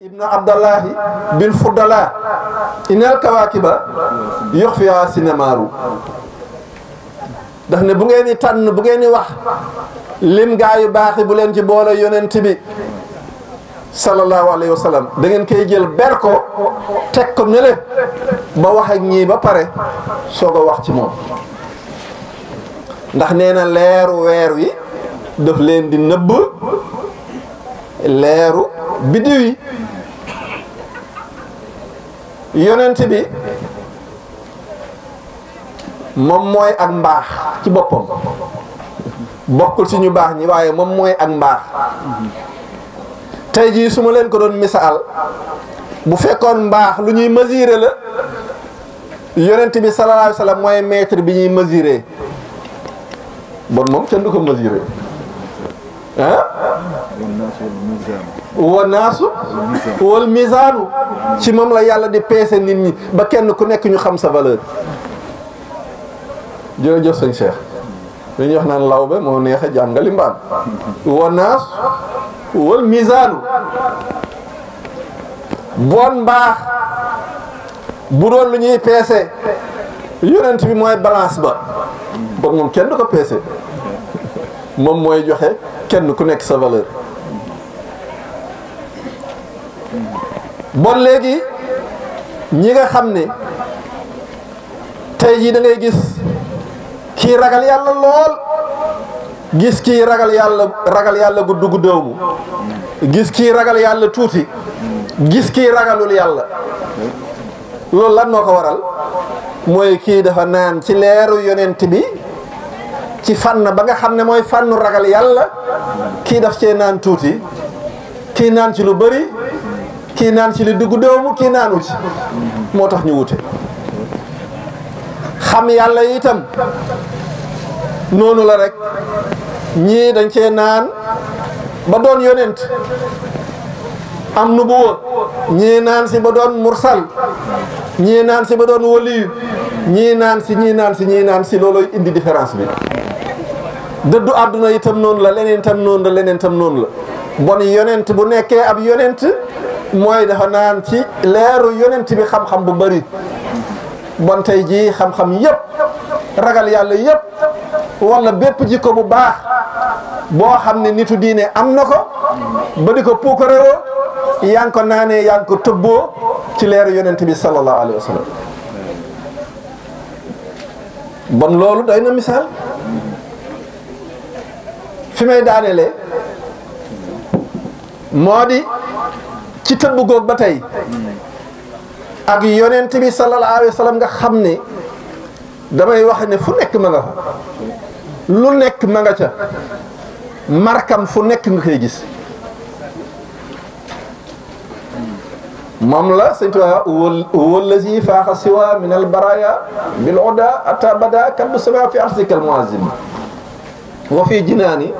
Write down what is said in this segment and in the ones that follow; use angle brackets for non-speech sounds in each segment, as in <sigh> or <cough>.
ibnu abdallahi bil furdala inal kawaakiba yox fiyaa sinemaaru daf ne bu ngeen tànn bu ngeen wax lim gaa yu baaxi bu leen ci boole yonent bi sallallahu alayhi wa sallam da ngeen koy jël ber ko teg ko ne ba wax ak ñii ba pare soog a wax ci moom ndax nee na leeru weer wi def leen di nëbb leeru biddiw yi yonent bi moom mooy ak mbaax ci boppam bokkul si ñu baax ñi waaye moom mooy ak mbaax tey jii su ma leen ko doon misaal bu fekkoon mbaax lu ñuy mesurer la yonent bi sallallahu alayhi wa mooy mètre bi ñuy mesurer bon moom kenn du ko mesurer ah wa naasu wal mizaanu ci moom la yàlla di peese nit ñi ba kenn ku nekk ñu xam sa valeur jërëjëf sëñ Cheikh lu ñuy wax naan lawbe moo neex a jaam nga limbaan wa naas wal mizaanu bon mbaax bu doon lu ñuy peese yonent bi mooy balance ba boobu moom kenn du ko peese moom mooy joxe kenn ku nekk sa valeur bon léegi ñi nga xam ne tey jii dangay gis kii ragal yàlla lool gis kii ragal yàlla ragal yàlla gudd guddoomu gis kii ragal yàlla tuuti gis kii ragalul yàlla loolu lan moo ko waral mooy kii dafa naan ci leeru yonent bi ci fànn ba nga xam ne mooy fànnu ragal yàlla kii daf cee naan tuuti kii naan ci lu bari kii naan ci li dugg doomu kii naanu ci moo tax ñu wute xam yàlla itam noonu la rek ñii dañ cee naan ba doon yonent am nubuwa ñii naan si ba doon mursal ñii naan si ba doon waliyu ñii naan si ñii naan si ñii naan si loolooy indi différence bi dëddu àdduna itam noonu la leneen itam noonu la leneen itam noonu la bon yonent bu nekkee ab yonent mooy dafa naan ci leeru yonent bi xam-xam bu bari bon tey jii xam-xam yépp ragal yàlla yépp wala bépp ko bu baax boo xam ne nitu diine am na ko ba ko puukarewoo yaa ngi ko naanee yaa ngi ci leeru yonent bi sallallahu alayhi wa bon loolu doy na misaal fi may daanelee moo di ci tëbb googu ba tey ak yonent bi sallallahu alayhi wa sallam nga xam ne damay wax ne fu nekk ma nga fa lu nekk ma nga ca markam fu nekk nga koy gis mam la sëñ Tuubaa huwa allazi faaxa siwa min albaraya bil oda ata bada kaddu sama fi arsika almuazim wa fi jinaani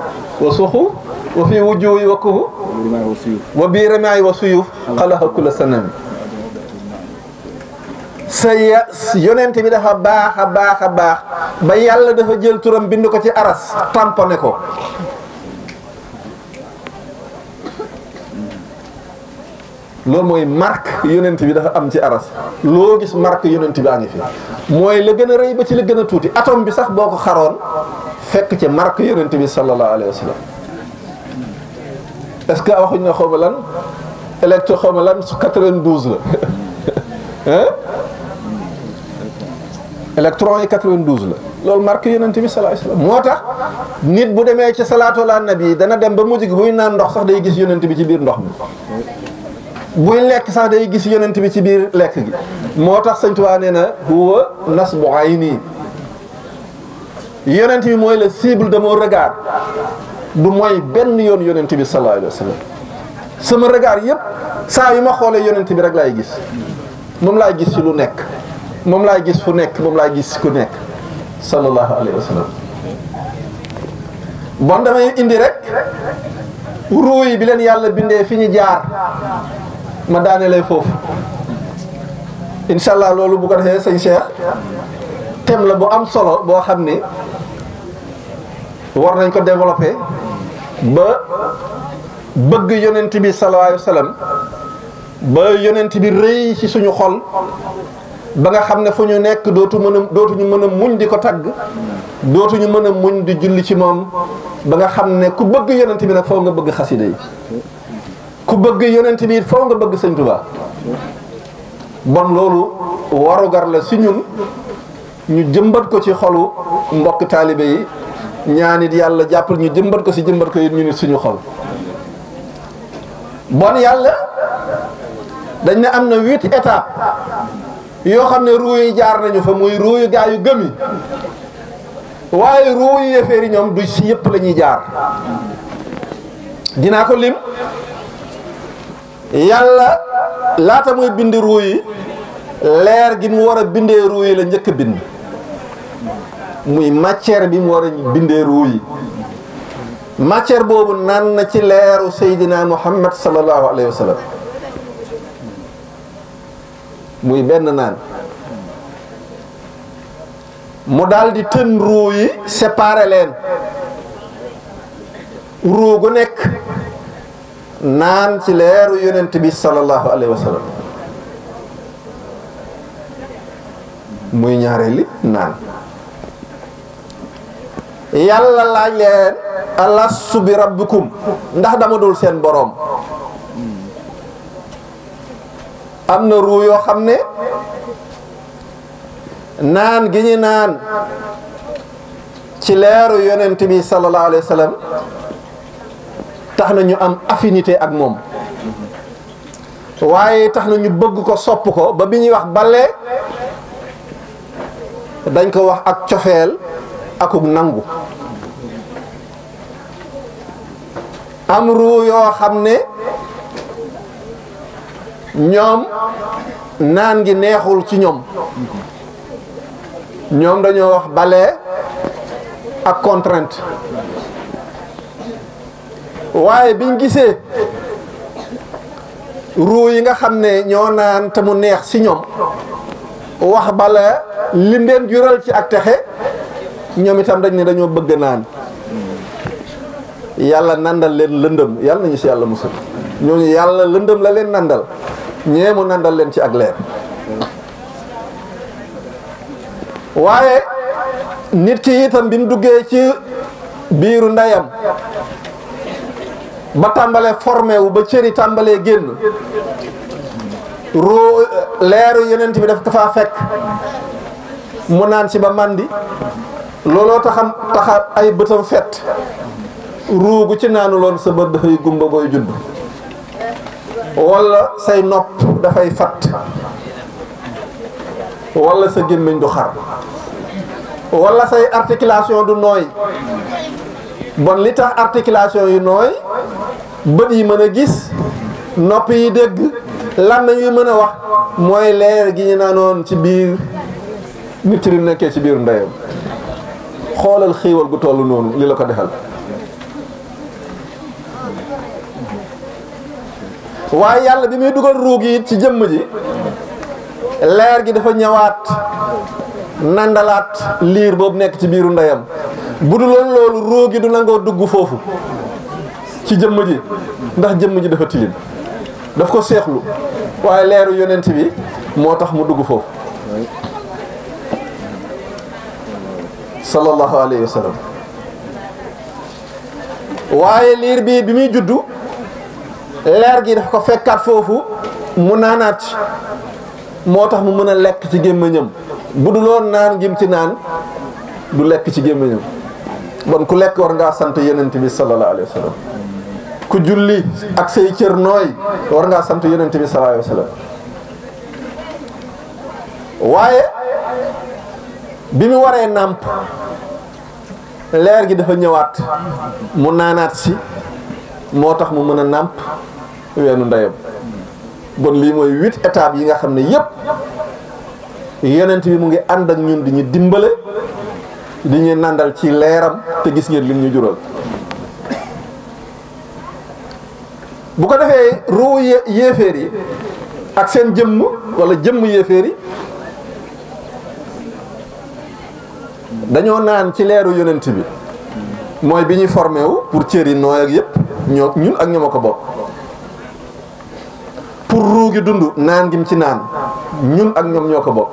wa suxu wa fi wujuhi wa kuhu wa bii ramaay wa suyuf xalaqa kulla sanam sa ya bi dafa baax a baax a baax ba yàlla dafa jël turam bind ko ci aras tamponé ko loolu mooy marque yonent bi dafa am ci aras loo gis marque yonent bi a ngi mooy la gën a rëy ba ci la gën a tuuti atome bi sax boo ko xaroon fekk ci marque yonent bi sallallahu alayhi wa sallam est-ce que waxuñ ne xaw ma lan électro xaw ma lan su 92 la <laughs> hein électron la loolu marqué yonent bi sallallahu alayhi moo tax nit bu demee ci salaatu ala nabi dana dem ba mujj gi buy naan ndox sax day gis yonent bi ci biir ndox mi buy lekk sax day gis yonent bi ci biir lekk gi moo tax Sëñ Tuubaa nee na huwa nasbu ayni yonent bi mooy le cible de mon du mooy benn yoon yonent bi sallallahu alayhi sama regard yëpp saa yu ma xoolee yonent bi rek laay gis moom laay gis ci lu nekk moom laay gis fu nekk moom laay gis ku nekk sallallahu alayhi wa sallam damay indi rek ruu yi bi leen yàlla bindee fi ñu jaar ma daane lay foofu incha allah loolu bu ko defee sëñ Cheikh thème la bu am solo boo xam ne war nañ ko développer ba bëgg yonent bi sallallahu alayhi wa sallam ba yonent bi rëy ci suñu xol ba nga xam ne fu ñu nekk dootu mën a dootuñu mën a muñ di ko tagg dootuñu mën a muñ di julli ci moom ba nga xam ne ku bëgg yonent bi nag foo nga bëgg xasida yi ku bëgg yonent bi foo nga bëgg sëñ Tuubaa bon loolu warugar la si ñun ñu jëmbat ko ci xolu mbokk taalibe yi ñaanit yàlla jàppal ñu jëmbat ko si jëmbat ko yit ñu nit suñu xol bon yàlla dañ ne am na huit étapes yoo xam ne ruu yi jaar nañu fa muy ruu yu gaa yu gëm yi waaye ruu yu yëfeer ñoom du si yëpp la jaar dinaa ko lim yàlla laata muy bind ruu yi leer gi mu war a bindee ruu yi la njëkk bind muy matière bi mu war a bindee ruu yi matière boobu naan na ci leeru Seydina Muhammad sallallahu alayhi wa muy benn naan mu daldi di tën ruu yi séparé leen ruu gu nekk naan ci leeru yonent bi sallallahu alayhi wa muy ñaareeli naan. yàlla laaj leen alastu bi rabbikum ndax dama dul seen boroom am na ruu yoo xam ne naan gi ñu naan ci leeru yonent bi sallallahu alayhi wa tax na ñu am affinité ak moom waaye tax na ñu bëgg ko sopp ko ba bi ñuy wax bale dañ ko wax ak cofeel akuk nangu am ruu yoo xam ne ñoom naan gi neexul ci ñoom ñoom dañoo wax bale ak contrainte waaye biñ gisee ruu yi nga xam ne ñoo naan te mu neex ci ñoom wax bale lim leen ci ak texe ñoom itam dañ ne dañoo bëgg naan yàlla nandal leen lëndëm yàlla nañu si yàlla musal ñooñu yàlla lëndëm la leen nandal ñee mu nandal leen ci ak leer waaye nit ki itam bi mu duggee ci biiru ndeyam ba tàmbalee formewu ba cëri tàmbalee génn roo leeru yeneen bi dafa fekk mu naan ci ba màndi looloo taxam taxa ay bëtam fett ruugu ci naanu loon sa bët dafay gumba booy judd wala say nopp dafay fat wala sa gémmiñ du xar wala say articulation du nooy bon li tax articulation yu nooy bët yi mën a gis nopp yi dégg làmmiñ yu mën a wax mooy leer gi ñu naanoon ci biir nit ki nekkee ci biir ndeyam xoolal xiiwal gu toll noonu li la ko defal waaye yàlla bi muy dugal ruug yi ci jëmm ji leer gi dafa ñawaat nandalaat liir boobu nekk ci biiru ndeyam bu du loon loolu ruug yi du nangoo dugg foofu ci jëmm ji ndax jëmm ji dafa tilim daf ko seexlu waaye leeru yonent bi moo tax mu dugg foofu sallallahu alayhi wa sallam waaye liir bi bi muy juddu leer gi daf ko fekkaat foofu mu naanaat moo tax mu mën a lekk ci gémmiñam bu du loon naan gim ci naan du lekk ci gémmiñam bon ku lekk war ngaa sant yenent bi sallallahu alayhi wa sallam ku julli ak say cër nooy war ngaa sant yenent bi sallallahu alayhi waaye bi mu waree nàmp leer gi dafa ñëwaat mu naanaat si moo tax mu mën a nàmp weenu ndeyam bon lii mooy huit étapes yi nga xam ne yépp yonent bi mu ngi ànd ak ñun di ñu dimbale di ñu nàndal ci leeram te gis ngeen lim ñu jural bu ko defee ruu yéeféer yi ak seen jëmm wala jëmm yéeféer yi dañoo naan ci leeru yonent bi mooy bi ñuy formé wu pour cër yi nooy ak yépp ñoo ñun ak ñoom a ko bokk pour ruugi dund naan gim ci naan ñun ak ñoom ñoo ko bokk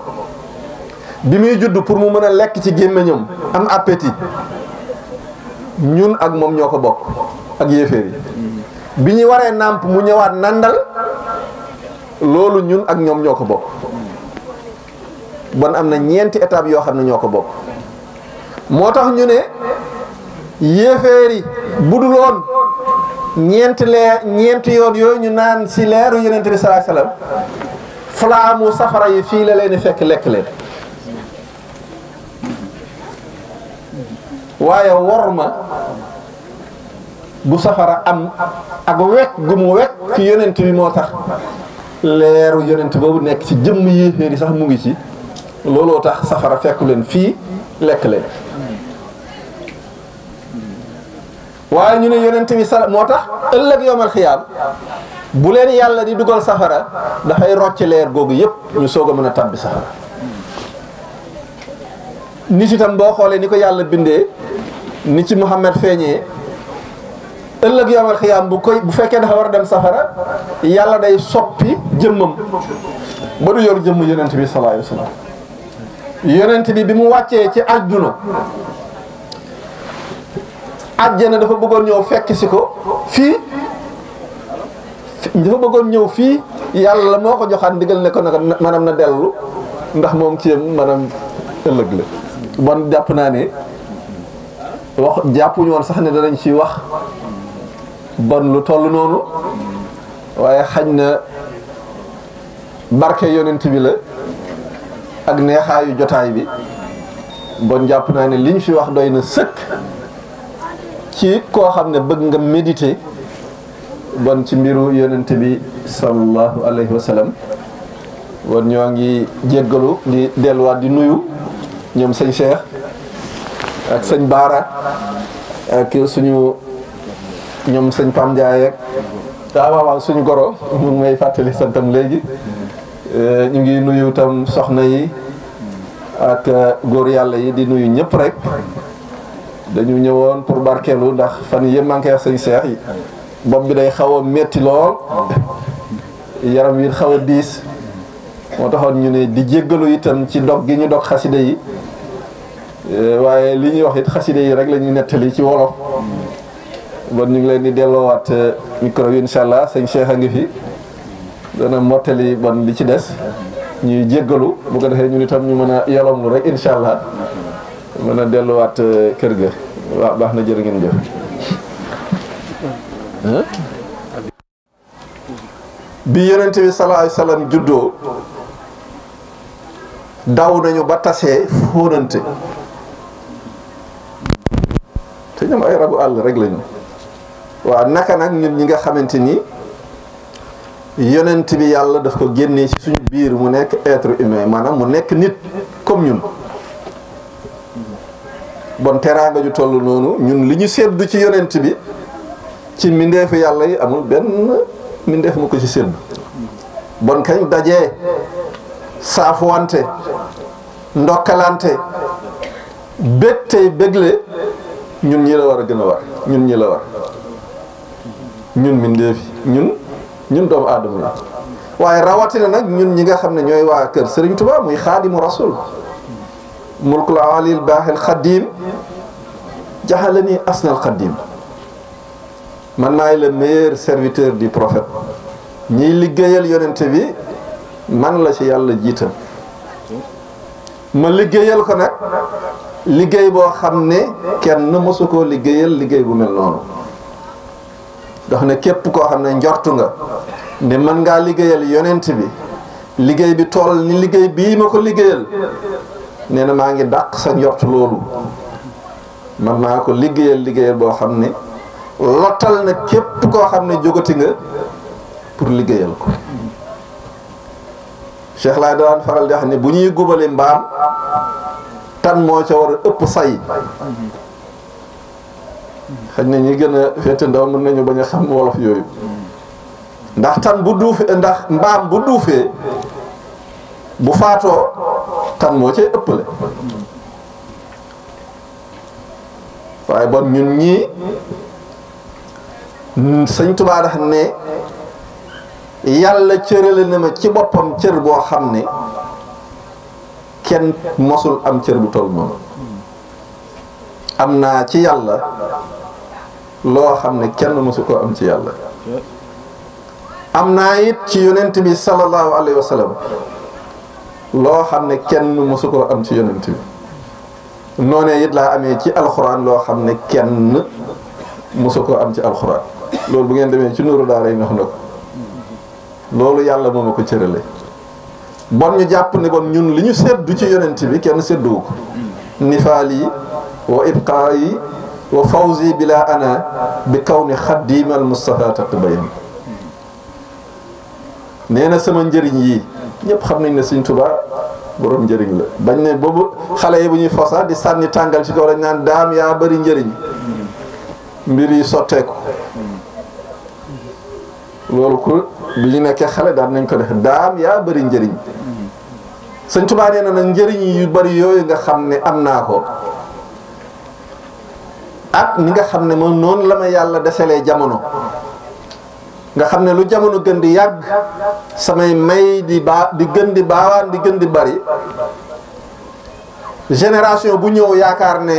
bi muy judd pour mu mën a lekk ci gémmiñam am appétit ñun ak moom ñoo ko bokk ak yéeféer yi bi ñu waree nàmp mu ñëwaat nandal loolu ñun ak ñoom ñoo ko bokk bon am na ñeenti étape yoo xam ne ñoo ko bokk moo tax ñu ne yéeféeri bu dul woon ñeenti leer ñeenti yoon yooyu ñu naan si leeru yonent bi salaa salaam flaamu safara yi fii la leen fekk lekk leen waaye wor ma bu safara am ak wekk gu mu wekk ci yonent moo tax leeru yonent boobu nekk ci jëmm yéeféer yi sax mu ngi ci looloo tax safara fekku leen fii lekk leen waaye ñu ne yonent bi sala moo tax ëllëg yomal xiyaam bu leen yàlla di dugal safara dafay rocc leer googu yëpp ñu soog a mën a tabbi safara nit tam boo xoolee ni ko yàlla bindee nit ci Muhammad feeñee ëllëg yomal xiyaam bu koy bu fekkee dafa war a dem safara yàlla day soppi jëmmam ba du yor jëmm yonent bi sallallahu alayhi yonent bi bi mu wàccee ci àdduna àjjana dafa bëggoon ñëw fekk si ko fii dafa bëggoon ñëw fii yàlla moo ko joxaat ndigal ne ko nag maanaam na dellu ndax moom ci maanaam ëllëg la bon jàpp naa ne wax jàppuñu woon sax ne danañ ci wax bon lu toll noonu waaye xañ na barke yonent bi la ak neexaayu jotaay bi bon jàpp naa ne liñ fi wax doy na sëkk ci koo xam ne bëgg nga médité bon ci mbiru yonent bi sallallahu alayhi wa sallam ñoo ngi jéggalu di delluwaat di nuyu ñoom sëñ Cheikh ak sëñ Baara ak suñu ñoom sëñ Pam Ndiaye ak ah, suñu goro mu ngi may fàttali santam léegi euh, ñu ngi nuyu tam soxna yi ak góor yàlla yi di nuyu ñëpp rek. dañu ñëwoon pour barkeelu ndax fan yëpp maa ngi koy Seex yi bopp bi day xaw a métti lool yaram wi xaw a diis moo taxoon ñu ne di jéggalu itam ci dog gi ñu dog xaside yi euh, waaye li ñuy wax it xaside yi rek la ñuy nettali ci wolof bon ñu ngi leen di delloowaat euh, micro bi incha allah sëñ Cheikh a ngi fi dana mottali bon li ci des ñuy jéggalu bu ko defee ñu itam ñu mën a yolomlu rek incha allah. mën a delluwaat euh, kër ga waaw baax na jërë ngeen jëf bi yonent bi salaay salaam juddoo daw nañu ba tasee fóonante te ñoom ay rabu àll rek lañu waaw naka nag ñun ñi nga xamante ni yonent bi yàlla daf ko génnee ci suñu biir mu nekk être humain maanaam mu nekk nit comme bon teraanga ju toll noonu ñun li ñu sédd ci yonent bi ci mbindeefu yàlla yi amul benn mbindeef mu ko ci sédd bon kañ dajee saafuwante ndokkalante bég tey bégle ñun ñii la war a gën a war ñun ñi la war ñun mbindeef yi ñun ñun doomu aadama yi waaye rawatina nag ñun ñi nga xam ne ñooy wax waa kër Serigne Touba muy mu rasul mulkul alil baaxil xaddiim jaxale ni asnal xaddiim man maay le meilleur serviteur du prophète ñiy liggéeyal yonent bi man la ci yàlla jiital ma liggéeyal ko nag liggéey boo xam ne kenn mësu koo liggéeyal liggéey bu mel noonu dox ne képp koo xam ne njortu nga ne mën ngaa liggéeyal yonent bi liggéey bi tool ni liggéey bii ma ko liggéeyal nee na maa ngi dàq sa njort loolu man naa ko liggéeyal liggéey boo xam ne lottal na képp koo xam ne jógati nga pour liggéeyal ko Cheikh laay daan faral di wax ne bu ñuy gubali mbaam tan moo ca war a ëpp say xëy na ñuy gën a féete ndaw mën nañu bañ a xam wolof yooyu ndax tan bu duufee ndax mbaam bu duufee bu faatoo kan moo ëpp ëppale waaye bon ñun ñii sëñ Tuubaa ne yàlla cërale na ma ci boppam cër boo xam ne kenn mosul am cër bu toll noonu am naa ci yàlla loo xam ne kenn mosu koo am ci yàlla am naa it ci yonent bi sallallahu alayhi wa loo xam ne kenn mësu koo am ci yonent bi noonee it laa amee ci alxuraan loo xam ne kenn mësu koo am ci alxuraan loolu bu ngeen demee ci nuuru daara yi na ko loolu yàlla moo ma ko cërale bon ñu jàpp ni bon ñun li ñu seddu ci yonent bi kenn sedduwu ko nifaal yi wa ibqaa yi wa fawzi bila ana bi kaw ni xaddiimal Mustafa taqbayan nee na sama njëriñ yi ñépp xam nañ ne Sëñ Tuubaa borom njëriñ la bañ ne boobu xale yi bu ñuy fosaa di sànni tàngal ci kaw dañ naan daam yaa bari njëriñ mbir yi sotteeku loolu ku bi ñu nekkee xale daan nañ ko def daam yaa bari njëriñ Sëñ Tuubaa nee na nag njëriñ yu bari yooyu nga xam ne am naa ko ak ni nga xam ne moom noonu la ma yàlla defalee jamono nga xam ne lu jamono gën di yàgg samay may di baa di gën di baawaan di gën di bari génération bu ñëw yaakaar ne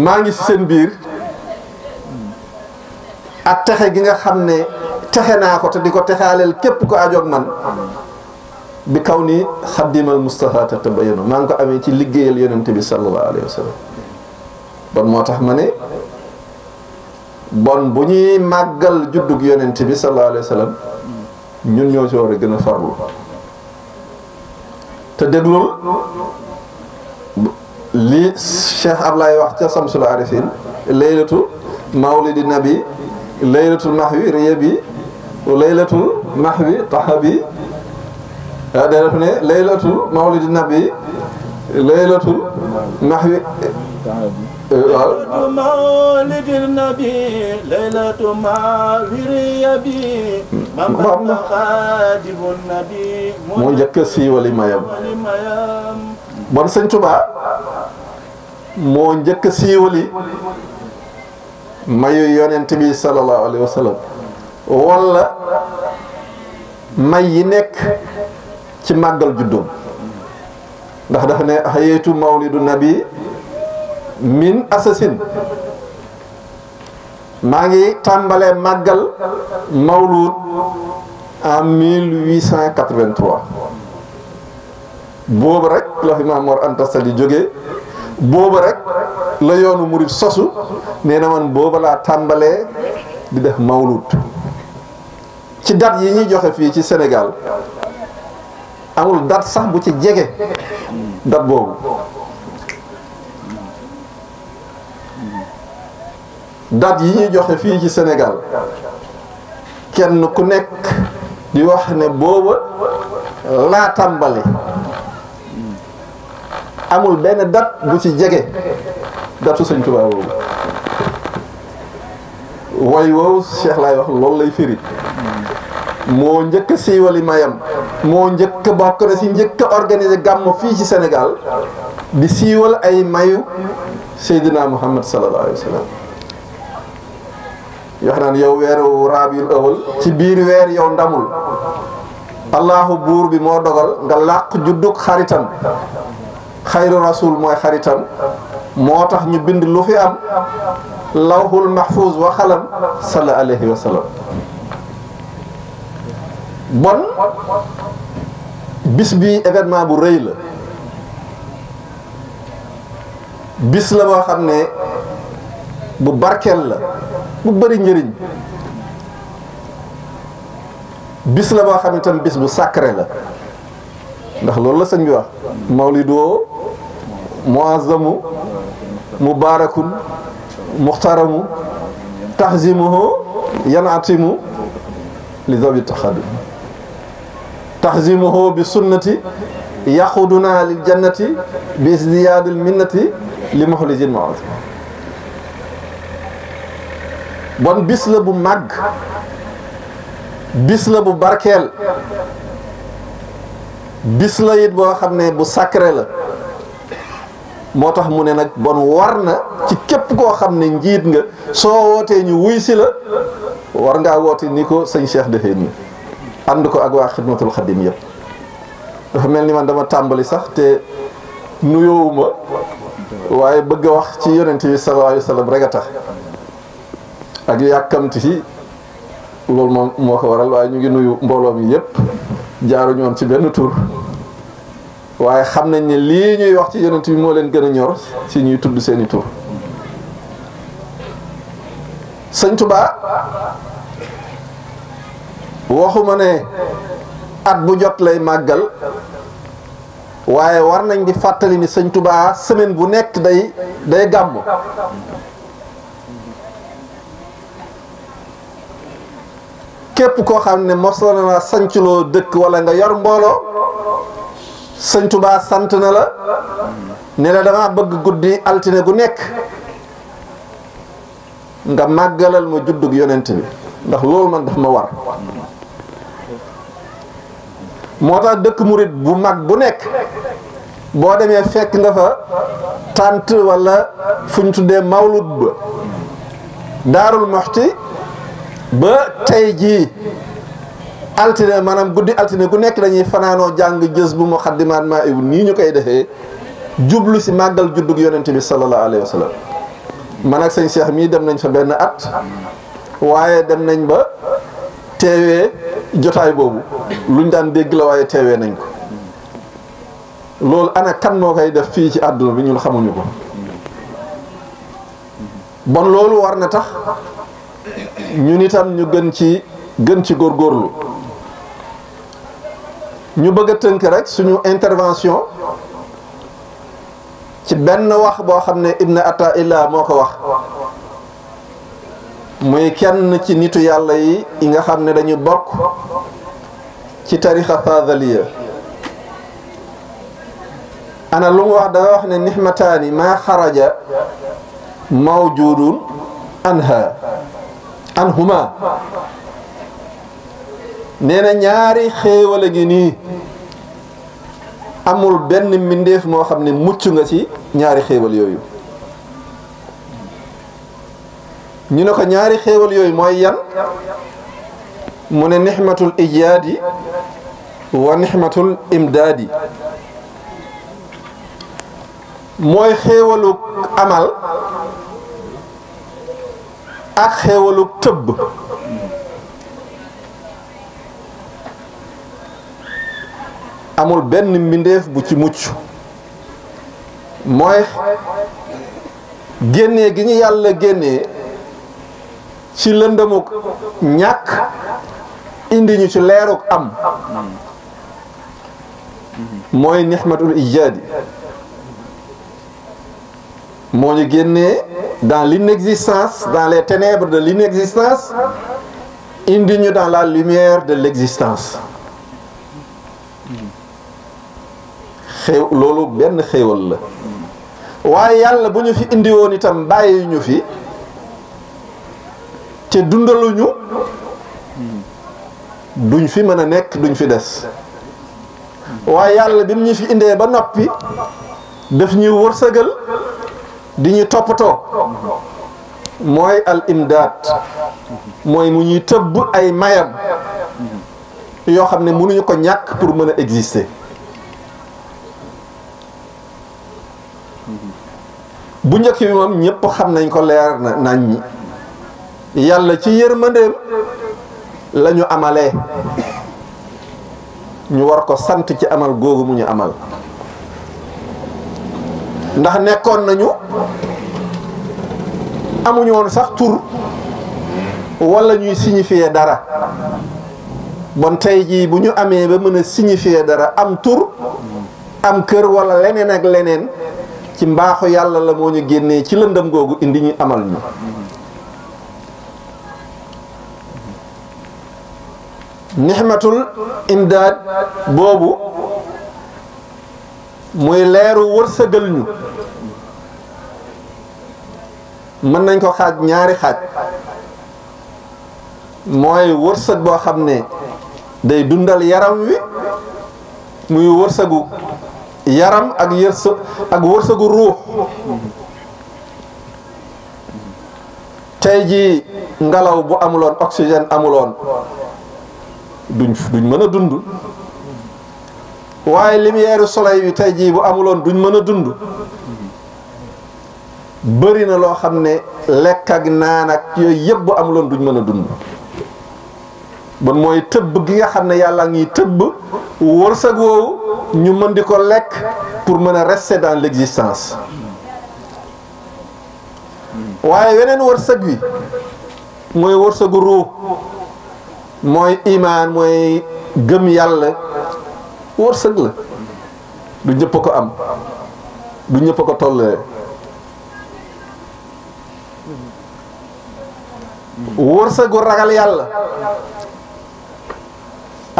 maa ngi ci seen biir ak texe gi nga xam ne texe naa ko te di ko texaaleel képp ko ajoog man bi kaw ni xaddimal mustafa te tabayanu maa ngi ko amee ci liggéeyal yonente bi sallallahu alayhi wa sallam bon moo tax ma ne bon bu ñuy màggal juddug yonent bi sallallahu alayhi wa sallam ñun ñoo ci war a gën a farlu te déglul wax ca Samsul Arifin laylatu mawlidi nabi laylatul mahwi riya bi laylatul mahwi taxa bi day def ne قرب مولد النبي ليلة ما وري بي مام خادم النبي moo njëkk si wali mayam bon sëñ Tuubaa moo njëkk siiwali mayu yonent bi sallallahu alayhi wa sallam may yi nekk ci màggal juddoom ndax dafa ne xayeetu mawlidu nabi min assasine maa ngi tàmbalee màggal mawlud en 1883 boobu rek la fi Maam Mor Anta Sali jógee boobu rek la yoonu murit sosu nee na man booba laa tàmbalee di def mawlud ci dat yi ñuy joxe fii ci senegal amul date sax bu ci jege date boobu dat yi ñuy joxe fii ci Sénégal kenn ku nekk di wax ne booba laa tàmbali amul benn date bu ci jege datu Sëñ Tuubaa boobu way woowu Cheikh laay wax loolu lay firi moo njëkk siiwali mayam moo njëkk bokk na si njëkk organiser gàmm fii ci Sénégal di siiwal ay mayu Seydina Muhammad sallallahu alayhi wa sallam yoo xam ne yow weeru rabiul awal ci biir weer yow ndamul allahu buur bi moo dogal nga làq juddug xaritam xayru rasul mooy xaritam moo tax ñu bind lu fi am lawhul mahfuz wa xalam salla alayhi wa bon bis bi événement bu rëy la bis la boo xam ne bu barkeel la bu bëri njëriñ bis la boo xam ne tam bis bu sacré la ndax loolu la sëñ bi wax mawlidu woo muazzamu mubarakun muxtaramu taxzimuhu yanatimu li zawi taxadum taxzimuhu bi sunnati yaxuduna lil jannati bi isdiyaadil minnati li muxlijin maazim bon bis la bu màgg bis la bu barkeel bis la it boo xam ne bu sacré la moo tax mu ne nag bon war na ci képp koo xam ne njiit nga soo wootee ñu wuy si la war ngaa woote ni ko sëñ Cheikh defee nii ànd ko ak waa xidmatul xadim yëpp dafa mel ni man dama tàmbali sax te nuyoowuma waaye bëgg a wax ci yonent bi sallallahu alayhi wa rek a tax ak yàkkamti ci loolu moom moo ko waral waaye ñu ngi nuyu mbooloo mi yëpp jaaruñu woon ci benn tur waaye xam nañ ni lii ñuy wax ci yonent moo leen gën a ñor ci ñuy tudd seeni tur sëñ Tuubaa waxuma ne at bu jot lay màggal waaye war nañ di fàttali ni sëñ Tuubaa semaine bu nekk day day gàmm képp koo xam ne mosoo na la sañculoo dëkk wala nga yor mbooloo sëñ Tuubaa sant na la ne la dama bëgg guddi altine gu nekk nga màggalal ma juddug yonent bi ndax loolu man daf ma war moo tax dëkk murit bu mag bu nekk boo demee fekk nga fa tànt walla fuñ tuddee mawlud ba daarul moxti ba tey jii altine maanaam guddi altine gu nekk dañuy fanaanoo jàng jës bu muqaddimaat maa ibu nii ñu koy defee jublu si màggal juddug yonent bi sallallahu alayhi wa sallam man ak sëñ Cheikh mii dem nañ fa benn at waaye dem nañ ba teewee jotaay boobu luñ daan dégg la waaye teewee nañ ko loolu ana kan moo koy def fii ci àdduna bi ñun xamuñu ko bon loolu war na tax ñun itam ñu gën ci gën ci góor góorlu ñu bëgg a tënk rek suñu intervention ci benn wax boo xam ne Ibn Ataillah moo ko wax muy kenn ci nitu yàlla yi nga xam ne dañu bokk ci tarixa fadaliya ana lu mu wax da wax ne nixmataani maa xaraja mawjudun anha anhuma nee na ñaari xéewal ngi nii amul benn mbindeef moo xam ne mucc nga ci ñaari xéewal yooyu ñu ne ko ñaari xéewal yooyu mooy yan mu ne nixmatul ijaadi wa nixmatul imdaadi mooy xéewalu amal ak xéewaluk tëbb amul benn mbindeef bu ci mucc mooy génnee gi ñu yàlla génnee ci lëndëmuk ñàkk indi ñu ci leeruk am mooy nixmatul ijaadi moo ñu génnee dans l'inexistence dans les ténèbres de l'inexistence indi ñu dans la lumière de l'existence xew loolu benn xéewal la waaye yàlla bu ñu fi indi woon itam bàyyi ñu fi te dundaluñu duñ fi mën a nekk duñ fi des waaye yàlla bi mu ñu fi indee ba noppi daf ñuy wërsëgal di ñu toppatoo mooy al imdaad mooy mu ñuy tëbb ay mayam yoo xam ne mënuñu ko ñàkk pour mën a exister bu njëkk bi moom ñëpp xam nañ ko leer na nañ yàlla ci yërmandeem la ñu amalee ñu war ko sant ci amal googu mu ñu amal ndax nekkoon nañu amuñu woon sax tur walla ñuy signifier dara bon tey jii bu ñu amee ba mën a signifier dara am tur am kër wala leneen ak leneen ci mbaaxu yàlla la moo ñu génnee ci lëndëm googu indi ñuy amal ñu nixmatul imdaad boobu muy leeru wërsëgal ñu mën nañ ko xaaj ñaari xaaj mooy wërsëg boo xam ne day dundal yaram wi muy wërsëgu yaram ak yërsë ak wërsëgu ruux tey jii ngelaw bu amuloon oxygène amuloon duñ duñ mën a dund waaye lumière soleil bi tey jii bu amuloon duñ mën a dund bëri na loo xam ne lekk ak naan ak yooyu yëpp bu amuloon duñ mën a dund bon mooy tëbb gi nga xam ne yàlla ngi tëbb wërsëg woowu ñu mën di ko lekk pour mën a rester dans l'existence waaye weneen wërsëg wi mooy wërsëgu ruux mooy imaan mooy gëm yàlla wërsëg la du ñëpp ko am du ñëpp ko tollee wërsëgu ragal yàlla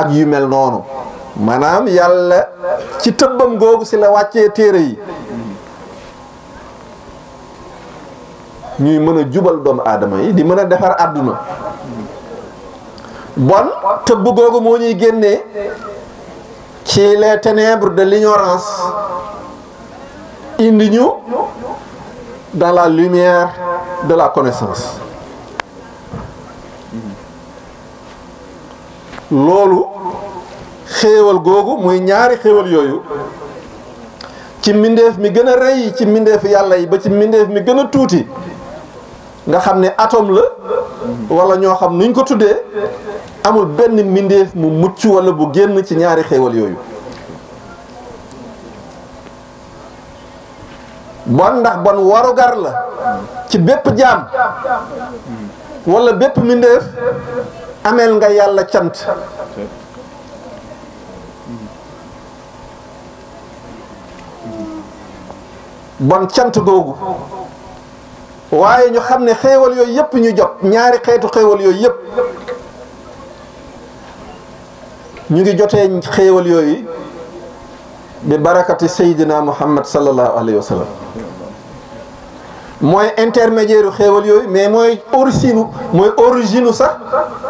ak yu mel noonu maanaam yàlla ci tëbbam googu si la wàccee téere yi ñuy mën a jubal doomu aadama yi di mën a defar àdduna bon tëbb googu moo ñuy génnee ci les ténèbres de l'ignorance indi ñu dans la lumière de la connaissance loolu xéewal googu muy ñaari xéewal yooyu ci mbindeef mi gën a rëy ci mbindeef yàlla yi ba ci mbindeef mi gën a tuuti nga xam ne atom la walla ñoo xam nuñ ko tuddee amul benn mbindeef mu mucc wala bu génn ci ñaari xéewal yooyu bon ndax bon warugar la ci bépp jaam wala bépp mbindeef ameel nga yàlla cant bon cant googu waaye ñu xam ne xewal yooyu yëpp ñu jot ñaari xeetu xewal yooyu yëpp ñu ngi jotee xéewal yooyu bi barakati sayyidina muhammad sallallahu alayhi wa sallam mooy intermédiaire xéewal yooyu mais mooy origine mooy origine sax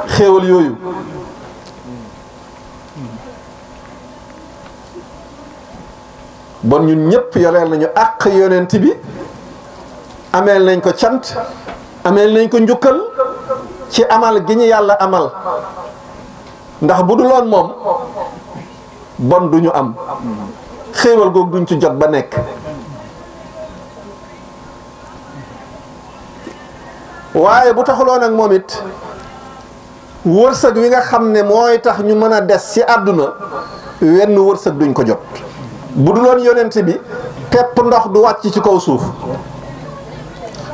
xéewal yooyu bon ñun ñëpp yoreel nañu àq yonent bi ameel nañ ko cant ameel nañ ko njukkal ci amal gi ñu yàlla amal ndax bu duloon moom bon du ñu am xéewal googu duñ ci jot ba nekk waaye bu taxuloon ak moom it wërsëg wi nga xam ne mooy tax ñu mën a des ci àdduna wenn wërsëg duñ ko jot bu duloon yonent bi pepp ndox du wàcc ci kaw suuf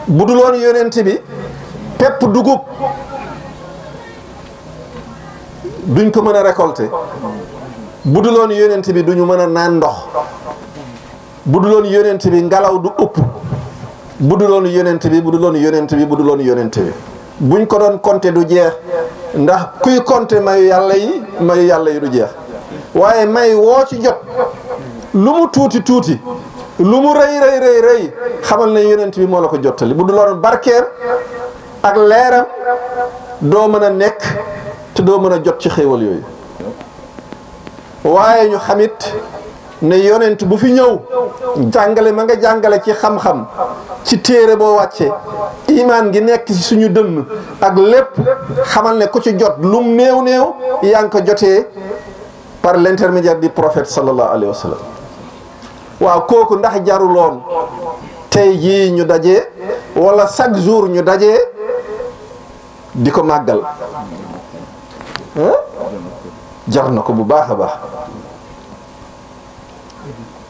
bu loon yonent bi pepp dugub duñ ko mën a récolter bu duloon yonent bi duñu mën a naan ndox bu loon yonent bi ngelaw du ëpp bu du duloon yonent bi bu duloon yonent bi bu duloon yonent bi buñ ko doon compter du jeex ndax kuy compter mayu yàlla yi mayu yàlla yi du jeex waaye may woo ci jot lu mu tuuti tuuti lu mu rëy rëy rëy rëy xamal ne yonent bi moo la ko jottali bu du duloon barkeem ak leeram doo mën a nekk te doo mën a jot ci xéewal yooyu waaye ñu xamit ne yonent bu fi ñëw jàngale ma nga jàngale ci xam-xam ci téere boo wàcce imaan gi nekk ci suñu dënn ak lépp xamal ne ku ci jot lu néew néew yaa ngi ko jotee par l'intermédiaire du prophète sallallahu alayhi wa waaw kooku ndax jaruloon tey jii ñu daje walla chaque jour ñu daje di ko màggal jar na ko bu baax a baax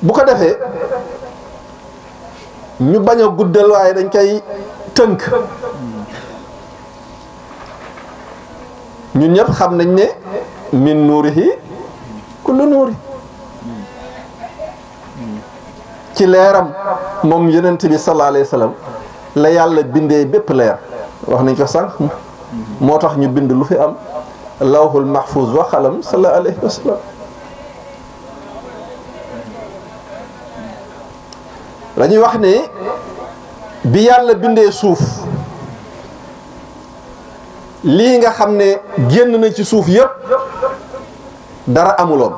bu ko defee ñu bañ a guddal waaye dañ koy tënk ñun ñépp xam nañ ne min nuurihi kullu nuuri ci leeram moom yonent bi sallallahu alayhi wa la yàlla bindee bépp leer wax nañ ko sànq moo tax ñu bind lu fi am lawhul mahfuz wa xalam salla alayhi wa dañuy wax ni bi yàlla bindee suuf lii nga xam ne génn na ci suuf yépp dara amuloon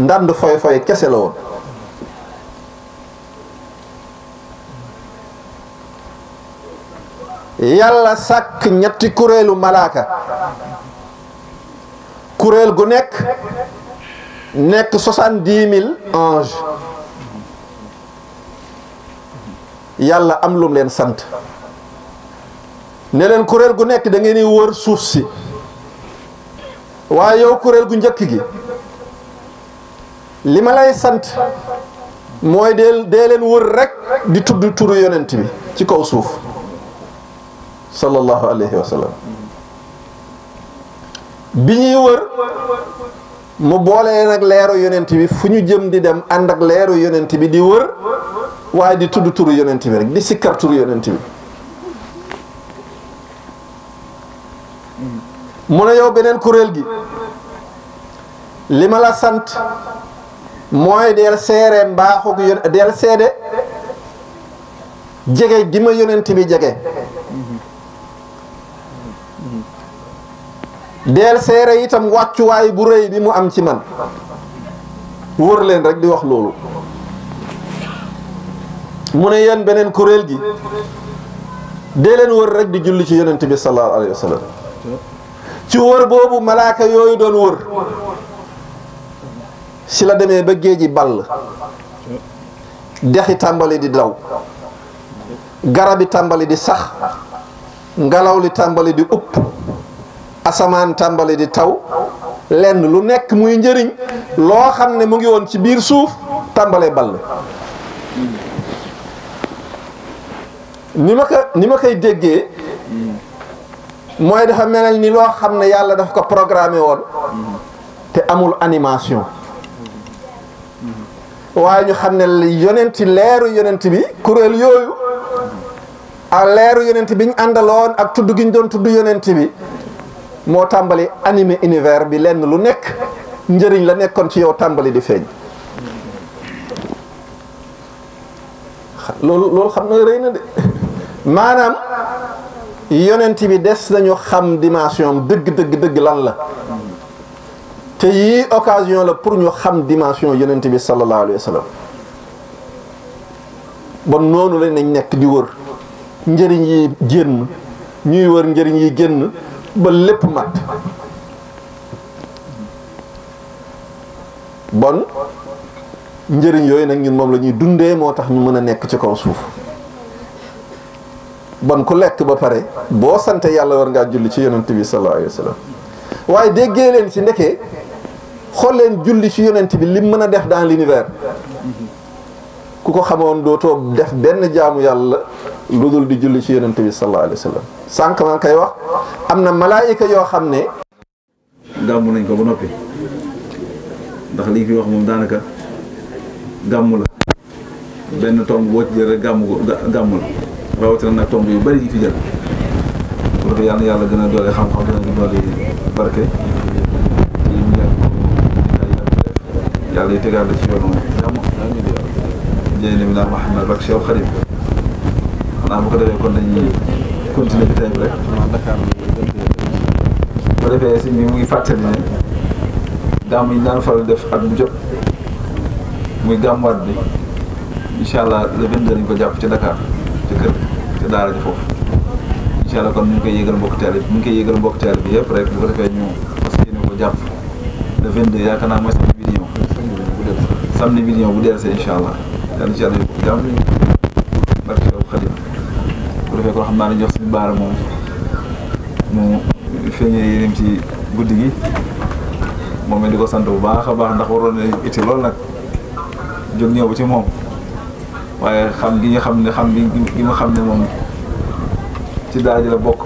ndànd foy foy kese la woon yàlla sàkk ñetti kuréelu malaaka kuréel gu nekk nekk soixante di mille ange yàlla am lum leen sant ne leen kuréel gu nekk dangeen di wër suuf si waaye yow kuréel gu njëkk gi li lay sant mooy dee dee leen wër rek di tudd turu yonent bi ci kaw suuf sallallahu alayhi wa sallam bi ñuy wër mu boolee nag leeru yonent bi fu ñu jëm di dem ànd ak leeru yonent bi di wër waaye di tudd turu yonent bi rek di sikkar turu yonent bi mu ne yow beneen kuréel gi li ma la sant mooy del seere mbaaxug yon seede jege gi yonenti yonent bi jege deel seere itam wàccuwaay bu rëy bi mu am ci man wóor leen rek di wax loolu mu ne yéen beneen kuréel gi dee wër rek di julli ci yeneen bi sallallahu alayhi wa sallam ci wër boobu malaaka yooyu doon wër ci la demee ba géej gi dexi tàmbali di daw garab tàmbali di sax ngelaw li tàmbali di upp asamaan tàmbali di taw lenn lu nekk muy njëriñ loo xam ne mu ngi woon ci biir suuf tàmbalee ball ni ma ko ni ma koy déggee mooy dafa melal ni loo xam ne yàlla dafa ko programme woon te amul animation waaye ñu xam ne yonenti leeru yonent bi kuréel yooyu a leeru yonent bi ñu àndaloon ak tudd gi ñu doon tudd yonent bi moo tàmbali animé univers bi lenn lu nekk njëriñ la nekkoon ci yow tàmbali di feeñ loolu loolu xam na rëy na de maanaam yonent bi des nañu xam dimension dëgg dëgg dëgg lan la te yii occasion la pour ñu xam dimension yonent bi sallallahu alayhi wa sallam bon noonu la nañ nekk di wër njëriñ yi génn ñuy wër njëriñ yi génn ba lépp mat bon njëriñ yooyu nag ñun moom la ñuy dundee moo tax ñu mën a nekk ci kaw suuf bon ku lekk ba pare boo sante yàlla war ngaa julli ci yonent bi sallallahu alayhi waaye déggee leen ci ndekee xool leen julli ci yonent bi lim mën a def dans l'univers ku ko xamoon dootoo def benn jaamu yàlla lu dul di julli ci yonent bi sallallahu alayhi wa sallam sànq maa koy wax am na malaayika yoo xam ne. gàmm nañ ko ba noppi ndax li fi wax moom daanaka gàmm la benn tomb boo ci jël rek gàmm gàmm la rawatina nag tomb yu bari yi fi jël pour que yàlla yàlla gën a doole xam-xam gën doole barke. yàlla yi tegaat la ci yoonu gàmm. jërëjëf Muhammad ak Cheikh Xadim naa bu ko defee kon dañuy continuer jotaay bi rek. bu ko defee sëñ bi mu ngi fàttali ne gàmm yi daan faral def at bu jot muy gàmmuwaat bi incha allah le 22 lañ ko jàpp ci Dakar ci kër ci daara ji foofu. incha allah kon ñu ngi koy yëgal mbokk teel bi ñu ngi koy yëgal mbokk teel bi yëpp rek bu ko defee ñu parce que yéen ko jàpp le 22 yaakaar naa mooy samedi bi di ñëw. samedi bi di ñëw bu delsee incha allah yàlla incha allah yëpp jàmm. defee ko xam naa ne jox suñu baara moom mu feeñee yéeneem ci guddi gi moom it di ko sant bu baax a baax ndax waroon na itti lool nag jóg ñëw ci moom waaye xam gi nga xam ne xam gi ma xam ne moom ci daara la bokk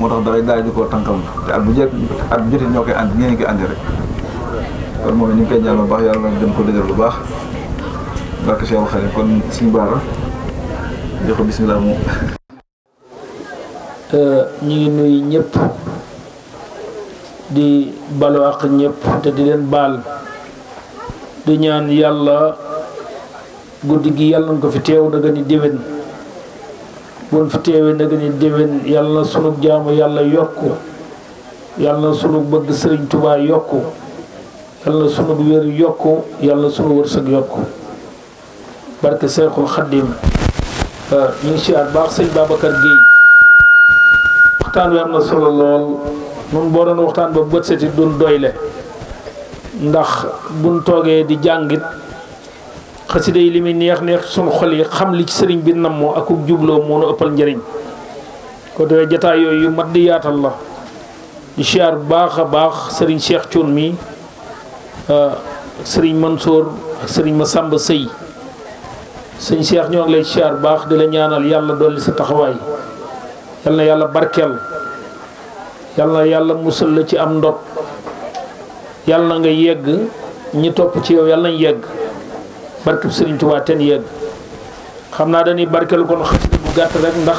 moo tax dara daara ji koo tànkam te at bu jël at bu jotee ñoo koy ànd ñeneen koy àndi rek kon moom it ñu ngi koy baax yàlla na dem ko dëjël bu baax barke Cheikh Xadim kon suñu baara jox ko bisimilah mu. Euh, ñu ngi nuyu ñëpp di balu ak di leen baal di ñaan yàlla guddi gi yàlla na ko fi teew na gën a déwén bu fi teewee na déwén yàlla na sunu jaamu yàlla yokk yàlla na sunu bëgg sëriñ Tuubaa yokk yàlla na sunu wér yokku yàlla na sunu wërsëg yokku barke Seexul Xaddim ñu ngi siyaat baax sëy Babacar Guèye waxtaan wi am na solo lool ñun boo doon waxtaan ba bët seti duñ doyle ndax buñ toogee di jàngit xasida yi li muy neex neex suñu xol yi xam li ci sëriñ bi nammoo ak ub jubloo moo nu ëppal njëriñ ko defee jataay yooyu yu mat di yaatal la di siyaar baax a baax sëriñ Cheikh Thioune mi euh, sëriñ Mansour ak ma Massamba sëy sëñ Cheikh ñoo ngi lay siyaar baax di la yàlla dolli sa taxawaay yal na yàlla barkeel yal yàlla musal la ci am ndot yal na nga yegg ñi topp ci yow yal nañ yegg barkeb sëriñ yegg xam naa dañuy barkeel kon xasida bu gàtt rek ndax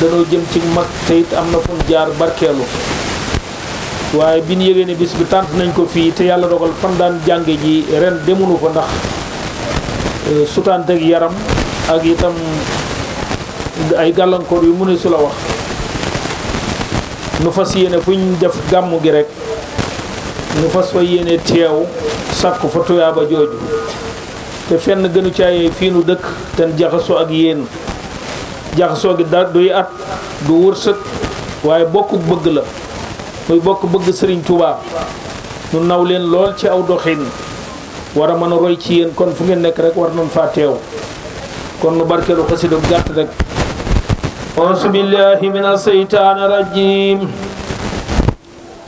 danoo jëm ci mag te am na fu jaar barkeelu waaye bi ñu bis bi tànt nañ ko fii te yàlla dogal fan daan jànge ji ren demunu ko ndax sutaanteeg yaram ak itam ay gàllankoor yu mu ne su la wax nu fas yéene fu ñu def gàmmu gi rekk nu fas fa yéene teew sàkku fa tuyaaba jooju te fenn gënu caay fii dëkk te jaxasoo ak yéen jaxasoo gi da duy at du wërsëg waaye bokku bëgg la muy bokk bëgg Sëriñ tubaab nu naw leen lool ci aw doxin war a mën a roy ci yéen kon fu ngeen nekk rek war nañ faa teew kon nu barkeelu xasida bu gàtt rek auzu billahi min aseytaan rajim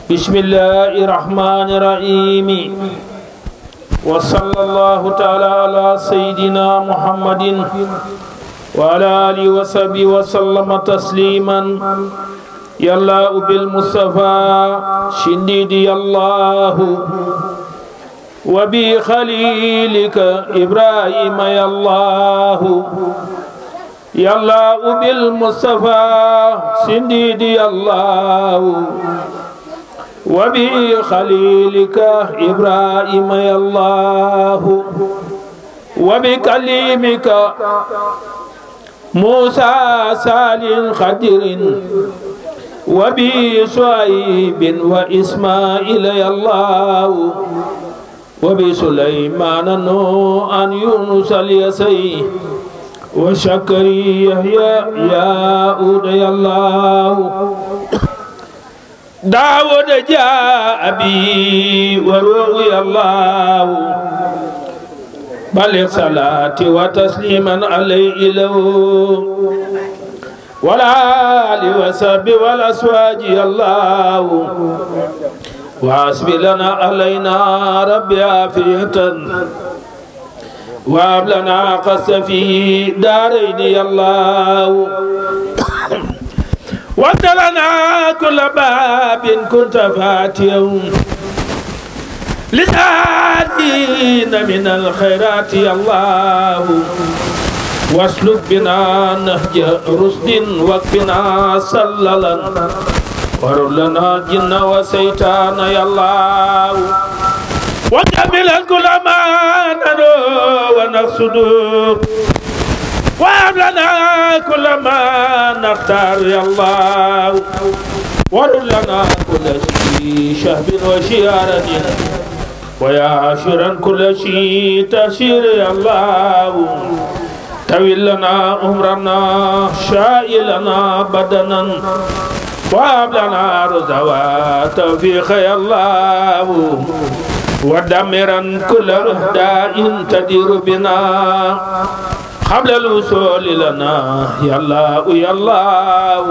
bismillahi rahmani rahimi wa sallallahu taala ala sayidina muhammadin wa ala alihi wa sahbihi wa sallama tasliman yalla ubil mustafa shindidi yallahu وبخليلك إبراهيم يا الله يا الله بالمصطفى سنديد يا الله وبخليلك إبراهيم يا الله وبكليمك موسى سال خدر وبي شعيب وإسماعيل يا الله وبسليمان نوح أن يونس اليسي وشكري يحيى يا الله داود جاء بي وروي الله بل صلاة وتسليما عليه له ولا آل وسب والأسواج الله واسب لنا علينا ربي عافية وهب لنا قص في دارين يا الله وانت لنا كل باب كنت فاتيا لسادين من الخيرات يا الله واسلك بنا نهج رشد واكفنا سللا warul lana jinna wa seytaana yàllaaw wa jamilan kula maanano wa naqsudu wa am lana kula ma naxtaar yàllaaw warul lana kula si shahbin wa shiaranin wa yaashiran kula si tashir yàllaaw tawil lana umrana shaa'ilana badanan وهب لنا رزوا توفيق يا الله ودمرا كل رهداء تدير بنا قبل الوصول لنا يا الله يا الله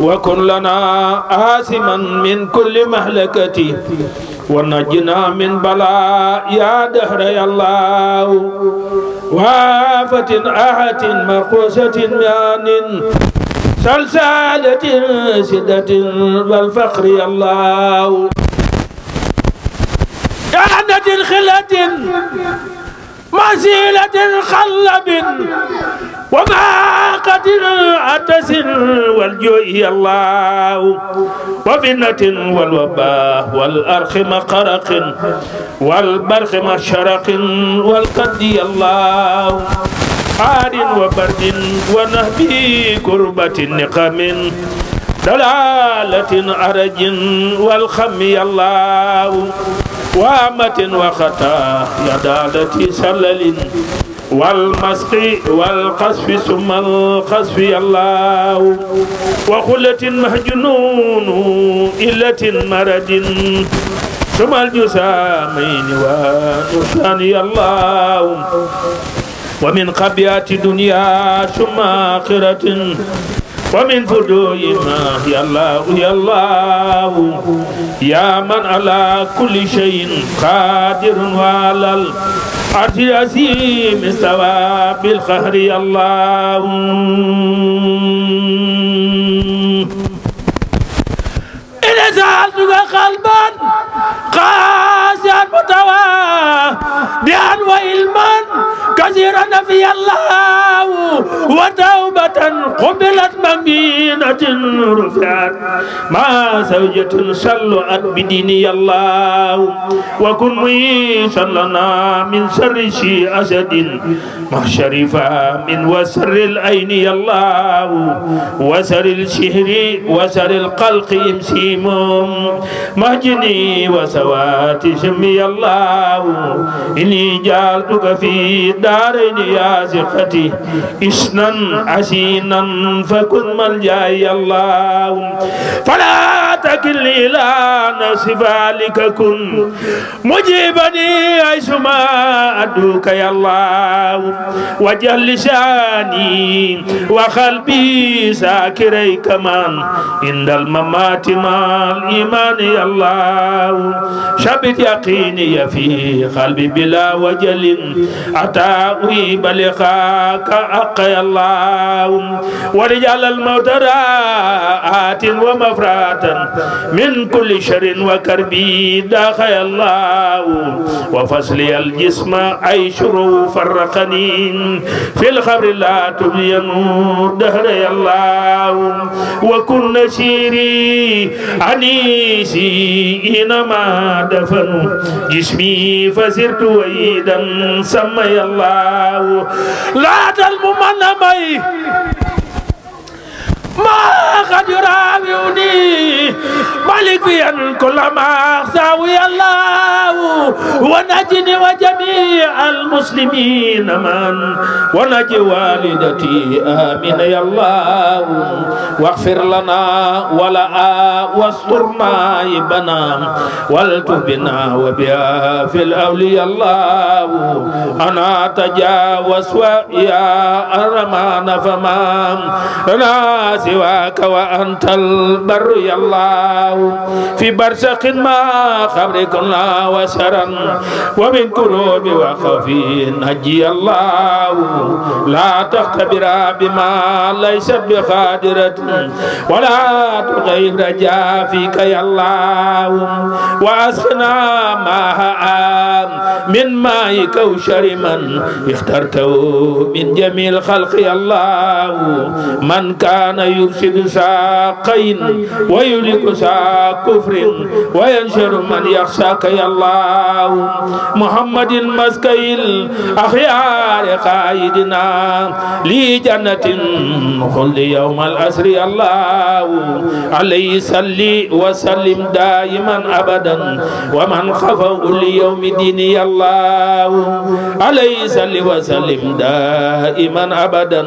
وكن لنا عاصما من كل مهلكة ونجنا من بلاء يا دهر يا الله وآفة آهة مرقوسة ميان سلسالة شدة والفقر الله دعنة خلة مسيلة خلب وماقة عتس والجوع الله وفنة والوباء والأرخ مقرق والبرخ مشرق والقد الله حار وبرد ونهبي كربة نقم دلالة أرج والخمي الله وامة وخطا يدالة سلل والمسق والقصف ثم القصف الله وخلة مهجنون إلة مرد ثم الجسامين ونساني الله ومن قبيات دنيا ثم آخرة ومن فدوهما يا الله يا الله يا من على كل شيء قادر وعلى العرش العظيم استوى بالقهر الله جعلتك قلبا قاسيا متواضعا وعلما كثيرا في الله وتوبة قبلت ممينة رفعت ما زوجة صلعت بديني الله وكن معيشا لنا من شر شيء أسد ما شرفا من وسر العين الله وسر الشهر وسر القلق امسيمون اليوم مهجني وسواتي شمي الله إني جعلتك في دارين يا زفتي إشنا عشينا فكن ملجاي الله فلا تكل إلى نفس فالك كن مجيبني عيش ما أدوك يا الله وجل شاني وقلبي ساكري كمان عند الممات ما الإيمان يا الله شبت يقيني في قلبي بلا وجل أتاوي بلقاك أق يا الله ورجال الموت راءات ومفراتا من كل شر وكربي داخ يا الله وفصلي الجسم أي شروع فرقني في الخبر لا تبين دهر يا الله وكن نشيري عن أنيسي إنما دفنوا جسمي فزرت ويدا سمي الله لا تلم من مي ما قد يراودني مالكيا كل ما أخزاوي الله ونجني وجميع المسلمين من ونجي والدتي آمين يا الله واغفر لنا ولا واستر نائبنا والتبنا وبها في الأولياء الله أنا تجاوز ويا الرمان فما أنا سواك وأنت البر يا الله في برزق ما خبركنا وسرا ومن كروب وخوف نجي الله لا تختبر بما ليس بقادرة ولا تغير رجاء فيك يا الله وأسقنا ماء من ماء كوشر من اخترته من جميع الخلق يا الله من كان يفسد ساقين ويلك ساقين كفر وينشر من يخشاك يا الله محمد مسكي الأخيار قائدنا لي جنة خلد يوم الأسر يا الله عليه صلي وسلم دائما أبدا ومن خفه ليوم دين يا الله عليه صلي وسلم دائما أبدا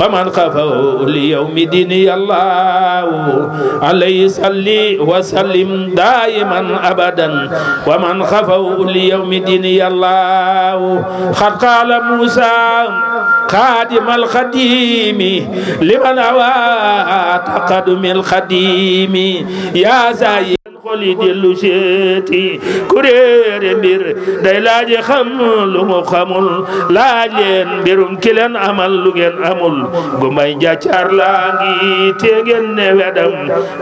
ومن خفه ليوم دين يا الله عليه صلي وسلم دائما أبدا ومن خفوا ليوم دين الله قد قال موسى خادم الخديم لمن هوى تقدم الخديم يا زايد xoli dellu seeti kuréere mbir day laaje xam lu mu xamul laaj leen mbirum ki amal lu ngeen amul gu may njàccaar laa ngi te ngeen ne wedam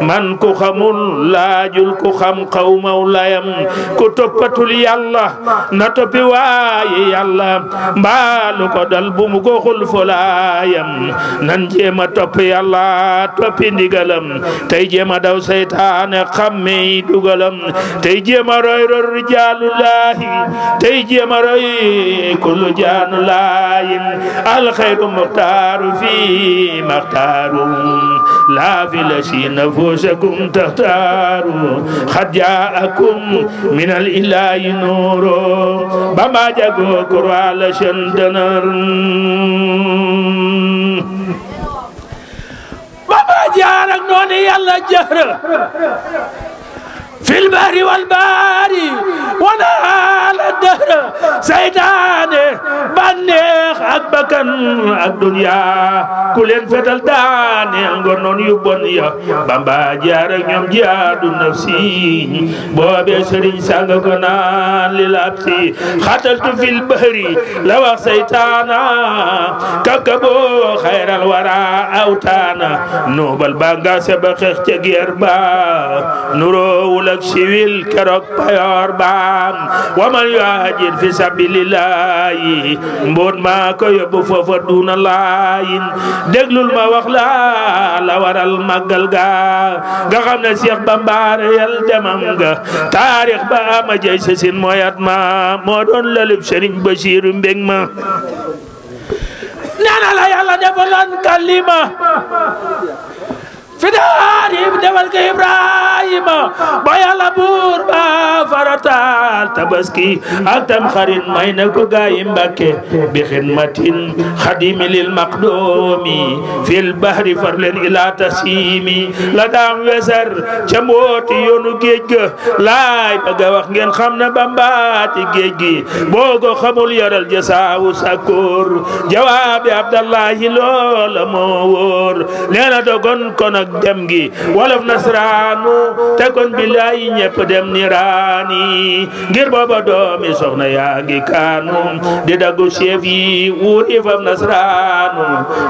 man ku xamul laajul ku xam xaw maw layam ku toppatul yàlla na toppi waaye yàlla mbaalu ko dal bu mu ko xul fo nan jéema topp yàlla toppi ndigalam tey jéema daw seytaane xammi ñuy dugalam tey jéem a roy roru jaalullaahi tey jéem a roy fi maxtaaru laa la siina fuusakum taxtaaru xad jaakum min al ilaahi nuuru ba maa jagoo kuraa la shandanar baba jaar ak في البحر والبار ونال الدهر سيدان بني ak bakkan ak dunya ku leen fetal daaneel nga noon yu bon ya bamba jaar ak ñoom jaadu nafsi boobee sëriñ sanga ko naan li lapsi xataltu fil bahri la wax saytaana kakabo xayral wara awtaana nuubal baa nga seba xeex ca geer ba nuroowul ak siwil keroog payoor ba waman yuhajir fi sabilillahi mboon ma yaa ko yóbbu foofa duuna laayin déglul ma wax la la waral màggal ga nga xam ne Seex Bamba reyal demam ga taarix ba ama jey sasin mooy at ma moo doon lalub Sëriñ Basiiru mbég ma nee na la yàlla defaloon kalima fidaar yi defal ko Ibrahima ba yàlla buur ba farataal tabaski ak tam xarit may na ko gaayi Mbàkke bi xidmatin xadimi lil maqdoomi fil bahri far leen ila tasimi la daam wesar ca mbooti yoonu géej ga laay bëgg a xam na bambaati géej gi boo ko xamul yaral ja saawu sakkoor jawaabi Abdallahi loola moo wóor nee na dogon dem gi wolof nasraanu te kon billaay ñëpp dem ni raani ngir booba doomi soxna yaa ngi kaanu di daggu chef yi wuur ifam nasraanu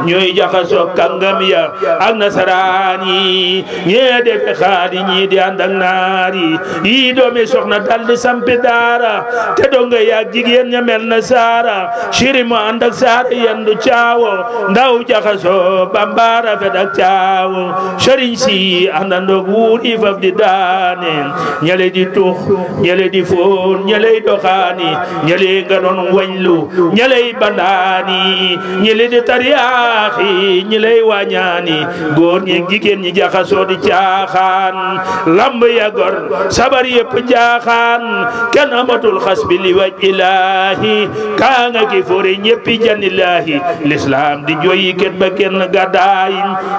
ñuy jaxasoo kàngam ya ak nasraan yi ñee defe xaadi ñii di ànd ak naar yi yii doomi soxna dal di sampi daara te donga yaa jigéen ña mel na saara shiri ak saara yendu caawo ndaw jaxasoo bambara fed ak caawo sëriñ si àndandoog wuur i fab di daane ñale di tux ñale di fóon ñaley doxaani ñale nga doon wañlu ñaley bandaani ñale di tariyaaxi ñaley wañaani góor ñi jigéen ñi jaxasoo di caaxaan lamb ya gor sabar yépp jaaxaan kenn amatul xas bi li ilaahi kaa nga ki fóore ñéppi janilaahi lislaam di jooyi kenn ba kenn gàddaay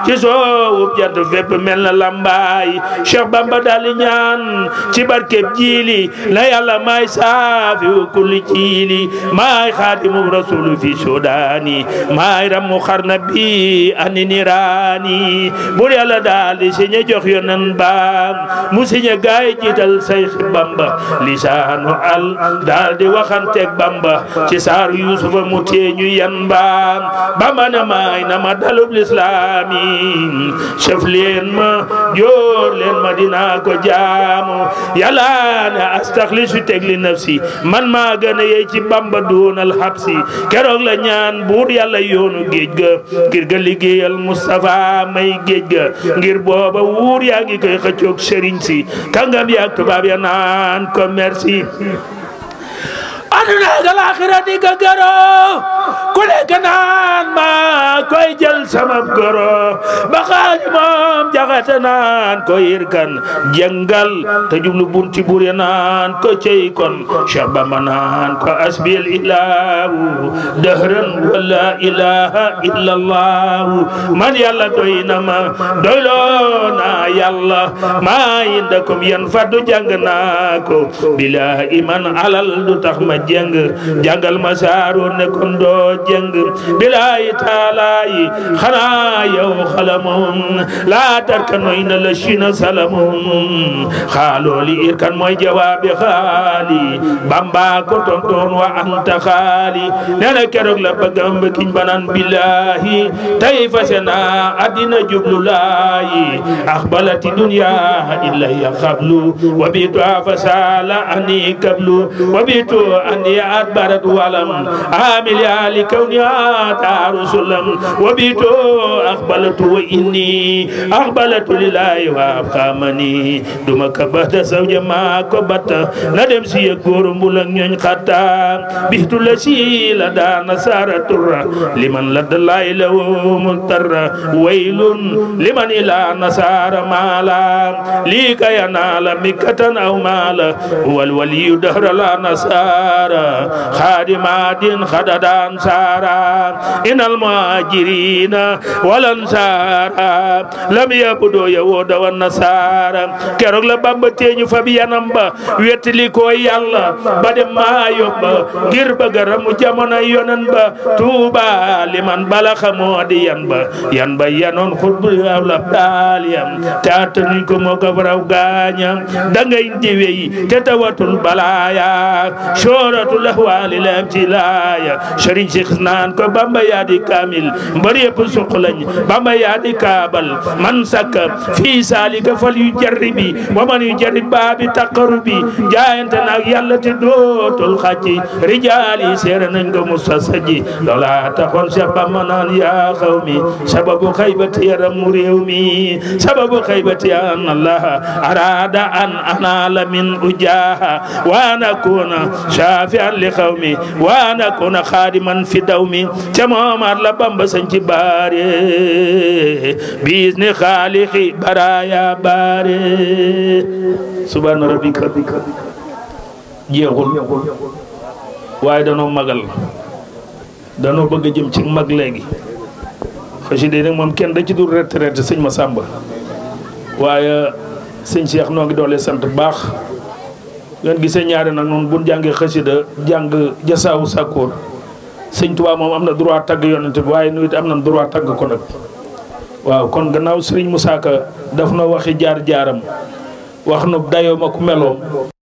ci soowu jant fépp mel na lambaay Cheikh Bamba dali ñaan ci barkeb jiili la yàlla maay saafi wa kulli jiili maay xaatimu rasulu fi sudaani maay ramu xarna bi ani niraani bur yàlla daali siñe jox yonan baam mu siñe gaay jiital say Bamba lisaanu al daal di waxanteeg Bamba ci saaru Yuusufa mu teeñu yan baam Bamba na maay na ma dalub lislaami sëf leen ma joor leen ma dinaa ko jaamu yàlla na astaxlisu teg li nafsi man maa gën a yey ci bamba doonal xabsi keroog la ñaan buur yàlla yoonu géej ga ngir ga liggéeyal Moustapha may géej ga ngir booba wuur yaa ngi koy xëccoog sëriñ si kàngam yaag tubaab ya naan ko merci aduna ak alaaxira di ga ku nekk naan maa koy jël sama goro ba xaaju moom ko yirkan jëngal te bunti bur ko cey kon ko asbil ilahu dahran wala ilaha man yàlla doy ma doyloo naa yàlla maa indakum yan faddu jàng naa ko bila alal du tax ma jàng jàngal ma saaroon ne kon doo doo jëng bilaay taalaay xanaa yow xalamoon laa tarkanoy na la china salamoon xaalooli irkan mooy jawaabi xaali bamba ko tontoon wa anta xaali nee keroog la bëggam bëkiñ banan billahi tay fase na addina jublu laayi axbalati dunya illa ya xablu wa bitu afasala ani kablu wa bitu ani adbarat walam amil ya لكونها دار سلم وبيتو أقبلت وإني أقبلت لله وأبقامني دم كبت زوج ما كبت ندم سي غور مولن ين خطا بيت لسي لدى نصارى ترى لمن لدى الله له ملتر ويل لمن إلى نصارى مالا ليك ينال مكة أو مالا هو الولي دهر لا نصارى خادمات خددان والأنصار إن المهاجرين والأنصار لم يبدوا يهود والنصارى keroog la Bamba teeñu fa yanam ba wettali ko Yàlla ba dem Maayomb ngir bëgg ramu jamono yonen ba Tuuba liman balaxa moo di yan ba aw la baal yam taatanuñ ko moo ko gaañam dangay diweyi te tawatul balaaya sooratul ahwaali la am sëriñ si xis naan ko bamba yaa di kaamil mbër yëpp suq lañ bamba yaa di kaabal man sakk fii saalika fal yu jarribi wa man yu jarrib baabi taqarubi jaayante naag yàlla te dootul xàcci rijaal yi seere nañ ko musa saji loola taxoon bamba naan yaa xawmi sababu xaybati yaramu réew mi sababu xaybati an allah arada an anaala min ujaaha wa an shafian li xawmi wa an akuna man fi daw mi ca moomar la bamba sañ ci baare biis xaalixi baraaya baare subhaana rabbika jeexul waaye danoo magal danoo bëgg a jëm ci mag léegi xasida yi moom kenn da ci dul retraite sëñ ma sàmba waaye sëñ Cheikh noo ngi doole sant baax ngeen gisee ñaari nag noonu bu jàngee xasida jàng jasaawu sàkkoor sëñ Tuubaa moom am na droit tagg yonent bi waaye nu it am na droit tagg ko nag waaw kon gannaaw sëriñ Moussa Ka daf na waxi jaar jaaram wax nu dayoom ak meloom